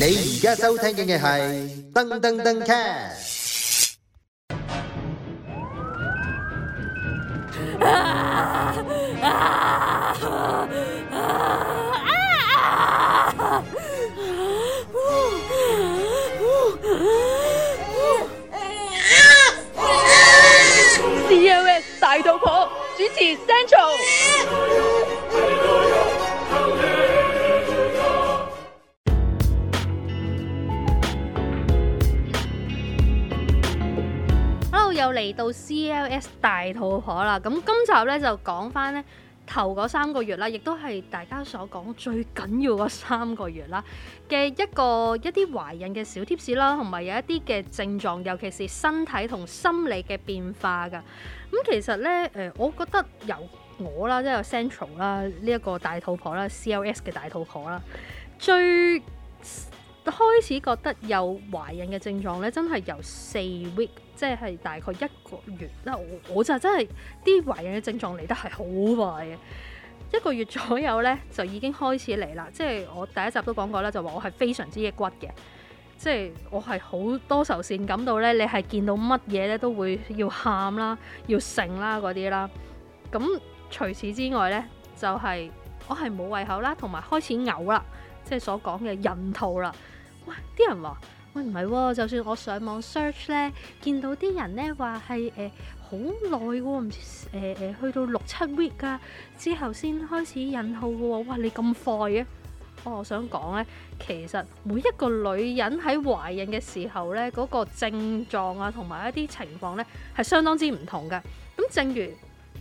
你而家收聽緊嘅係噔噔噔 cat。COS 大肚婆主持 Central。嚟到 CLS 大肚婆啦，咁今集咧就講翻咧頭嗰三個月啦，亦都係大家所講最緊要嗰三個月啦嘅一個一啲懷孕嘅小 tips 啦，同埋有一啲嘅症狀，尤其是身體同心理嘅變化噶。咁其實咧，誒，我覺得由我啦，即係由 Central 啦呢一個大肚婆啦，CLS 嘅大肚婆啦，最開始覺得有懷孕嘅症狀咧，真係由四 week。即係大概一個月啦，我就真係啲懷孕嘅症狀嚟得係好快嘅，一個月左右呢，就已經開始嚟啦。即係我第一集都講過啦，就話我係非常之抑鬱嘅，即係我係好多愁善感到呢，你係見到乜嘢呢都會要喊啦，要剩啦嗰啲啦。咁除此之外呢，就係我係冇胃口啦，同埋開始嘔啦，即係所講嘅孕吐啦。喂，啲人話。唔係、啊哦、就算我上網 search 咧，見到啲人咧話係誒好耐喎，唔知誒誒去到六七 week 啊，之後先開始引號嘅、哦、喎，哇！你咁快嘅？我我想講咧，其實每一個女人喺懷孕嘅時候咧，嗰、那個症狀啊，同埋一啲情況咧，係相當之唔同嘅。咁正如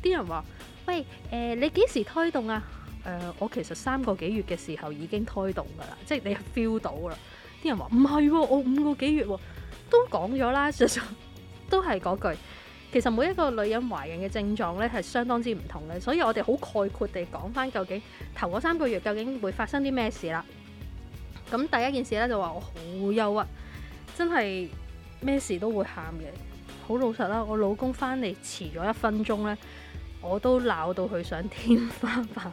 啲人話，喂誒、呃，你幾時胎動啊？誒、呃，我其實三個幾月嘅時候已經胎動噶啦，即係你 feel 到啦。啲人話唔係喎，我五個幾月喎、啊，都講咗啦，就都係嗰句。其實每一個女人懷孕嘅症狀咧係相當之唔同嘅，所以我哋好概括地講翻究竟頭嗰三個月究竟會發生啲咩事啦。咁第一件事咧就話，我好憂鬱，真係咩事都會喊嘅，好老實啦。我老公翻嚟遲咗一分鐘咧，我都鬧到佢上天花板。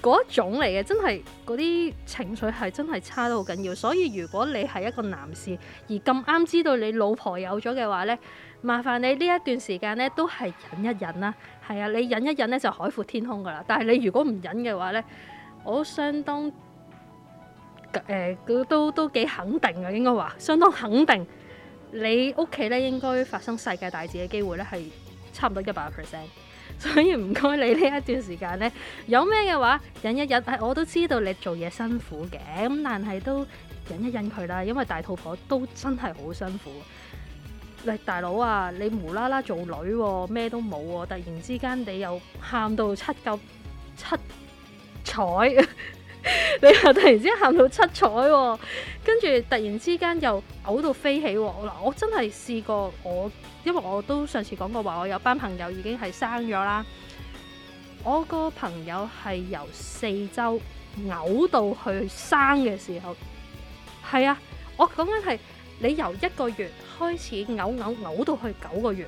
嗰 一種嚟嘅，真係嗰啲情緒係真係差得好緊要，所以如果你係一個男士而咁啱知道你老婆有咗嘅話呢，麻煩你呢一段時間呢都係忍一忍啦。係啊，你忍一忍呢就海闊天空噶啦。但係你如果唔忍嘅話呢，我都相當誒、呃，都都，都幾肯定啊。應該話相當肯定你屋企呢應該發生世界大戰嘅機會呢係差唔多一百個 percent。所以唔該你呢一段時間呢，有咩嘅話忍一忍。係我都知道你做嘢辛苦嘅，咁但係都忍一忍佢啦，因為大肚婆都真係好辛苦。嚟，大佬啊，你無啦啦做女咩都冇，突然之間你又喊到七嚿七彩， 你又突然之間喊到七彩，跟住突然之間又嘔到飛起，嗱我真係試過我。因為我都上次講過話，我有班朋友已經係生咗啦。我個朋友係由四周嘔、呃、到去生嘅時候，係啊，我講緊係你由一個月開始嘔嘔嘔到去九個月。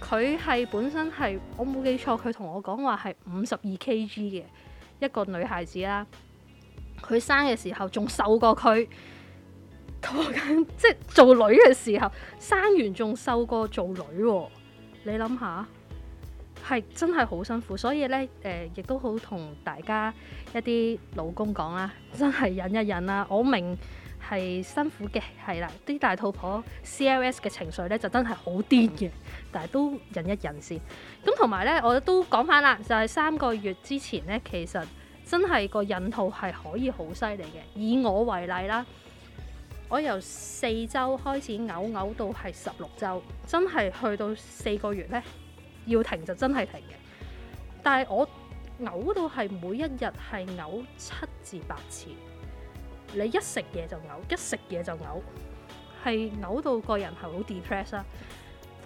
佢係本身係我冇記錯，佢同我講話係五十二 Kg 嘅一個女孩子啦。佢生嘅時候仲瘦過佢。拖緊即係做女嘅時候，生完仲瘦過做女，啊，你諗下係真係好辛苦。所以咧，誒、呃、亦都好同大家一啲老公講啦，真係忍一忍啦。我明係辛苦嘅，係啦，啲大肚婆 C L S 嘅情緒咧，就真係好癲嘅，嗯，但係都忍一忍先。咁同埋咧，我都講翻啦，就係、是、三個月之前咧，其實真係個孕吐係可以好犀利嘅。以我為例啦。我由四周開始嘔嘔到係十六周，真係去到四個月呢，要停就真係停嘅。但係我嘔到係每一日係嘔七至八次，你一食嘢就嘔，一食嘢就嘔，係嘔到個人係好 depress 啦。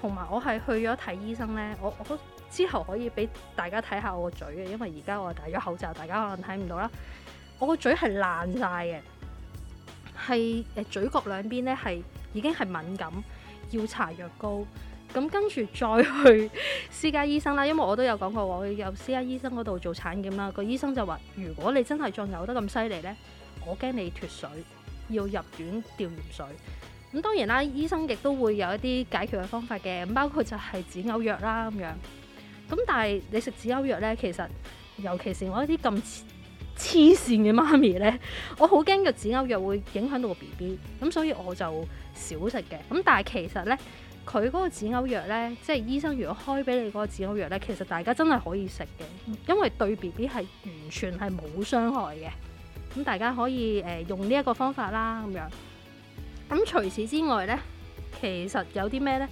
同埋我係去咗睇醫生呢，我我之後可以俾大家睇下我個嘴嘅，因為而家我戴咗口罩，大家可能睇唔到啦。我個嘴係爛晒嘅。係誒，嘴角兩邊咧，係已經係敏感，要搽藥膏。咁跟住再去私家醫生啦，因為我都有講過，我有私家醫生嗰度做產檢啦。個醫生就話，如果你真係再嘔得咁犀利咧，我驚你脱水，要入院吊鹽水。咁當然啦，醫生亦都會有一啲解決嘅方法嘅，包括就係止嘔藥啦咁樣。咁但係你食止嘔藥咧，其實尤其是我一啲咁。黐線嘅媽咪呢，我好驚個止嘔藥會影響到個 B B，咁所以我就少食嘅。咁但係其實呢，佢嗰個止嘔藥呢，即係醫生如果開俾你嗰個止嘔藥呢，其實大家真係可以食嘅，因為對 B B 係完全係冇傷害嘅。咁大家可以誒、呃、用呢一個方法啦，咁樣。咁除此之外呢，其實有啲咩呢？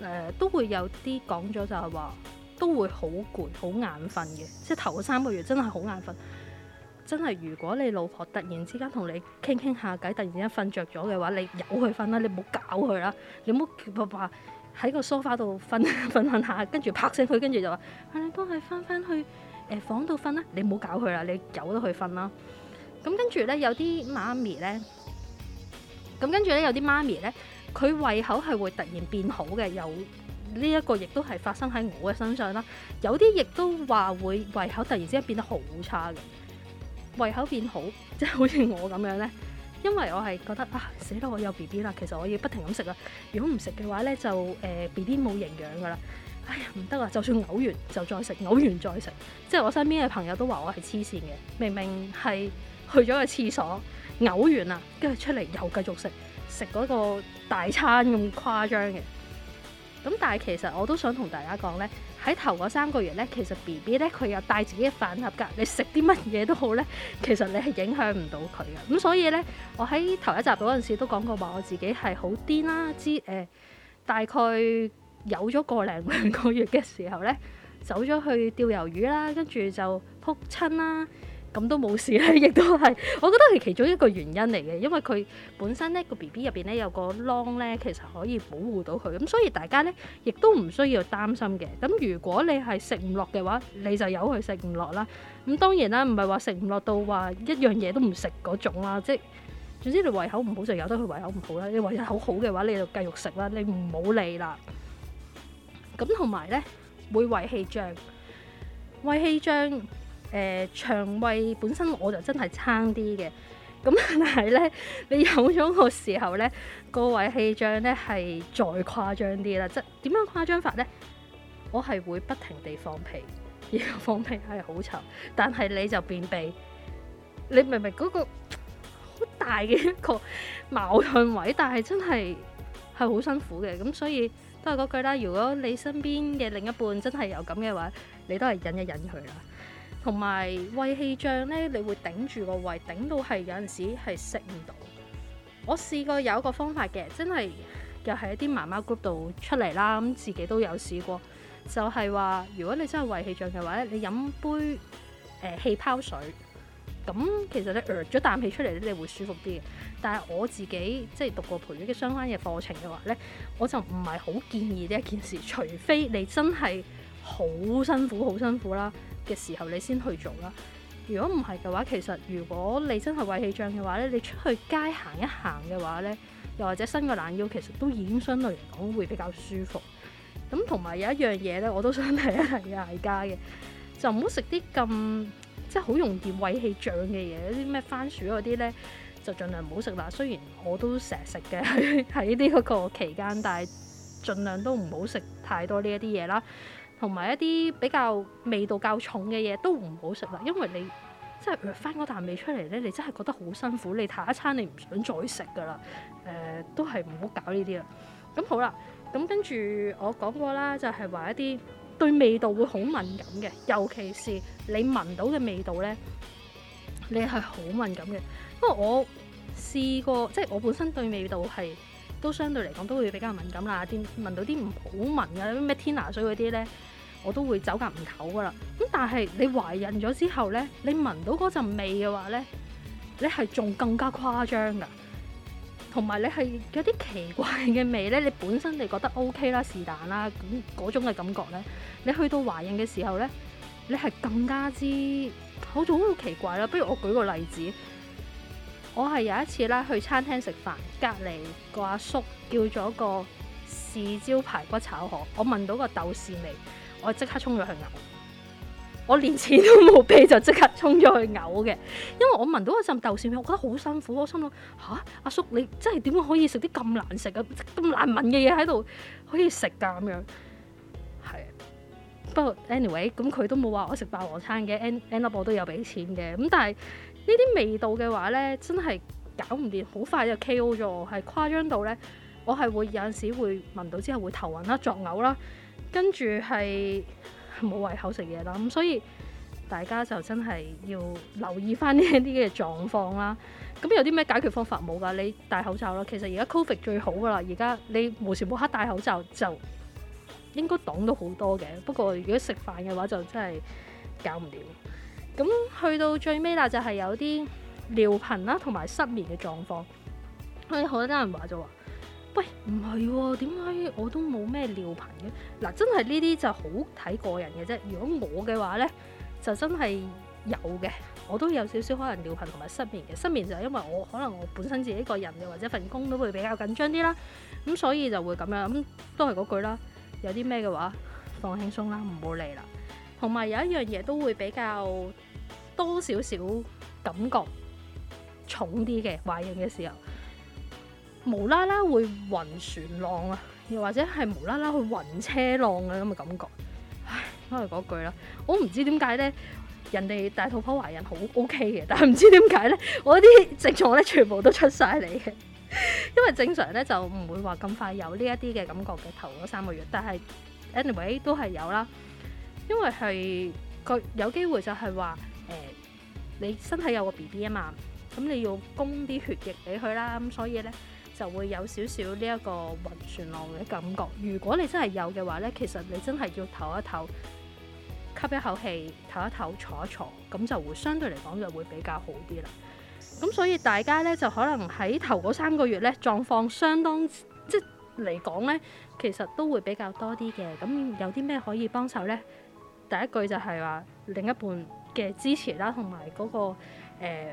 誒、呃、都會有啲講咗就係話都會好攰、好眼瞓嘅，即係頭三個月真係好眼瞓。真係，如果你老婆突然之間同你傾傾下偈，突然之間瞓着咗嘅話，你由佢瞓啦，你唔好搞佢啦，你唔好話喺個梳化度瞓瞓下，跟住拍醒佢，跟住就話你幫佢翻翻去誒房度瞓啦，你唔好搞佢啦，你由得佢瞓啦。咁跟住咧，有啲媽咪咧，咁跟住呢，有啲媽咪呢，咁跟住呢，有啲媽咪呢，佢胃口係會突然變好嘅，有呢一、這個亦都係發生喺我嘅身上啦。有啲亦都話會胃口突然之間變得好差嘅。胃口變好，即係好似我咁樣呢？因為我係覺得啊，死啦我有 B B 啦，其實我要不停咁食啦。如果唔食嘅話呢，就誒 B B 冇營養㗎喇。哎呀，唔得啊！就算嘔完就再食，嘔完再食，即係我身邊嘅朋友都話我係黐線嘅。明明係去咗個廁所嘔完啦，跟住出嚟又繼續食，食嗰個大餐咁誇張嘅。咁但係其實我都想同大家講呢。喺頭嗰三個月咧，其實 BB 咧佢有帶自己嘅飯盒㗎，你食啲乜嘢都好咧，其實你係影響唔到佢嘅。咁所以咧，我喺頭一集嗰陣時都講過話，我自己係好癲啦。之誒、呃、大概有咗個零兩個月嘅時候咧，走咗去釣魷魚啦，跟住就撲親啦。咁都冇事咧，亦都係，我覺得係其中一個原因嚟嘅，因為佢本身咧個 B B 入邊咧有個窿咧，其實可以保護到佢，咁所以大家咧亦都唔需要擔心嘅。咁如果你係食唔落嘅話，你就由佢食唔落啦。咁當然啦，唔係話食唔落到話一樣嘢都唔食嗰種啦，即係總之你胃口唔好就由得佢胃口唔好啦。你胃口好嘅話，你就繼續食啦，你唔好理啦。咁同埋咧會胃氣脹，胃氣脹。誒、呃、腸胃本身我就真係差啲嘅，咁但係咧，你有咗個時候咧，個胃氣脹咧係再誇張啲啦，即係點樣誇張法咧？我係會不停地放屁，而個放屁係好臭，但係你就便秘，你明明嗰、那個好大嘅一個矛盾位，但係真係係好辛苦嘅，咁所以都係嗰句啦，如果你身邊嘅另一半真係有咁嘅話，你都係忍一忍佢啦。同埋胃氣脹咧，你會頂住個胃，頂到係有陣時係食唔到。我試過有一個方法嘅，真係又係一啲媽媽 group 度出嚟啦，咁自己都有試過，就係話如果你真係胃氣脹嘅話咧，你飲杯誒、呃、氣泡水，咁其實你噏咗啖氣出嚟咧，你會舒服啲嘅。但係我自己即係讀過陪月嘅相關嘅課程嘅話咧，我就唔係好建議呢一件事，除非你真係好辛苦，好辛苦啦，嘅時候你先去做啦。如果唔係嘅話，其實如果你真係胃氣脹嘅話咧，你出去街行一行嘅話咧，又或者伸個懶腰，其實都已經相對嚟講會比較舒服。咁同埋有一樣嘢咧，我都想提一提大家嘅，就唔好食啲咁即係好容易胃氣脹嘅嘢，啲咩番薯嗰啲咧，就盡量唔好食啦。雖然我都成日食嘅喺喺呢嗰個期間，但係盡量都唔好食太多呢一啲嘢啦。同埋一啲比較味道較重嘅嘢都唔好食啦，因為你即係若翻嗰啖味出嚟咧，你真係覺得好辛苦，你下一餐你唔想再食噶啦。誒、呃，都係唔好搞呢啲啦。咁好啦，咁跟住我講過啦，就係、是、話一啲對味道會好敏感嘅，尤其是你聞到嘅味道咧，你係好敏感嘅。因為我試過，即、就、係、是、我本身對味道係都相對嚟講都會比較敏感啦。啲聞到啲唔好聞嘅，咩天拿水嗰啲咧？我都會走夾唔唞噶啦。咁但係你懷孕咗之後呢，你聞到嗰陣味嘅話呢，你係仲更加誇張噶。同埋你係有啲奇怪嘅味呢，你本身你覺得 OK 啦，是但啦，嗰種嘅感覺呢，你去到懷孕嘅時候呢，你係更加之好，仲好奇怪啦。不如我舉個例子，我係有一次啦，去餐廳食飯，隔離個阿叔叫咗個豉椒排骨炒河，我聞到個豆豉味。我即刻衝咗去嘔，我連錢都冇俾就即刻衝咗去嘔嘅，因為我聞到嗰陣豆豉味，我覺得好辛苦，我心諗吓阿叔你真係點樣可以食啲咁難食啊咁難聞嘅嘢喺度可以食噶咁樣，係不過 anyway 咁佢都冇話我食霸王餐嘅，end up 我都有俾錢嘅，咁但係呢啲味道嘅話咧，真係搞唔掂，好快就 KO 咗我，係誇張到咧，我係會有陣時會聞到之後會頭暈啦，作嘔啦。跟住係冇胃口食嘢啦，咁所以大家就真係要留意返呢一啲嘅狀況啦。咁有啲咩解決方法冇㗎？你戴口罩咯。其實而家 COVID 最好㗎啦，而家你無時無刻戴口罩就應該擋到好多嘅。不過如果食飯嘅話就真係搞唔掂。咁去到最尾啦，就係有啲尿頻啦，同埋失眠嘅狀況。我哋好多人話就話。喂，唔係喎，點解我都冇咩尿頻嘅？嗱、啊，真係呢啲就好睇個人嘅啫。如果我嘅話呢，就真係有嘅，我都有少少可能尿頻同埋失眠嘅。失眠就係因為我可能我本身自己個人嘅或者份工都會比較緊張啲啦，咁、嗯、所以就會咁樣。咁、嗯、都係嗰句啦，有啲咩嘅話放輕鬆啦，唔好嚟啦。同埋有，有一樣嘢都會比較多少少感覺重啲嘅懷孕嘅時候。無啦啦會暈船浪啊，又或者係無啦啦去暈車浪啊，咁嘅感覺。唉，都係嗰句啦，我唔知點解咧，人哋大肚婆懷孕好 OK 嘅，但係唔知點解咧，我啲症狀咧全部都出晒嚟嘅。因為正常咧就唔會話咁快有呢一啲嘅感覺嘅頭嗰三個月，但係 anyway 都係有啦。因為係佢有機會就係話誒，你身體有個 BB 啊嘛，咁你要供啲血液俾佢啦，咁所以咧。就會有少少呢一個暈船浪嘅感覺。如果你真係有嘅話呢，其實你真係要唞一唞，吸一口氣，唞一唞，坐一坐，咁就會相對嚟講就會比較好啲啦。咁所以大家呢，就可能喺頭嗰三個月呢，狀況相當，即嚟講呢，其實都會比較多啲嘅。咁有啲咩可以幫手呢？第一句就係話另一半嘅支持啦，同埋嗰個、呃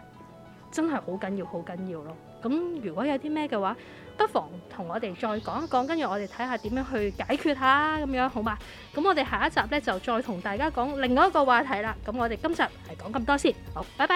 真係好緊要，好緊要咯。咁如果有啲咩嘅話，不妨同我哋再講一講，跟住我哋睇下點樣去解決下咁樣，好嗎？咁我哋下一集呢就再同大家講另外一個話題啦。咁我哋今集係講咁多先，好，拜拜。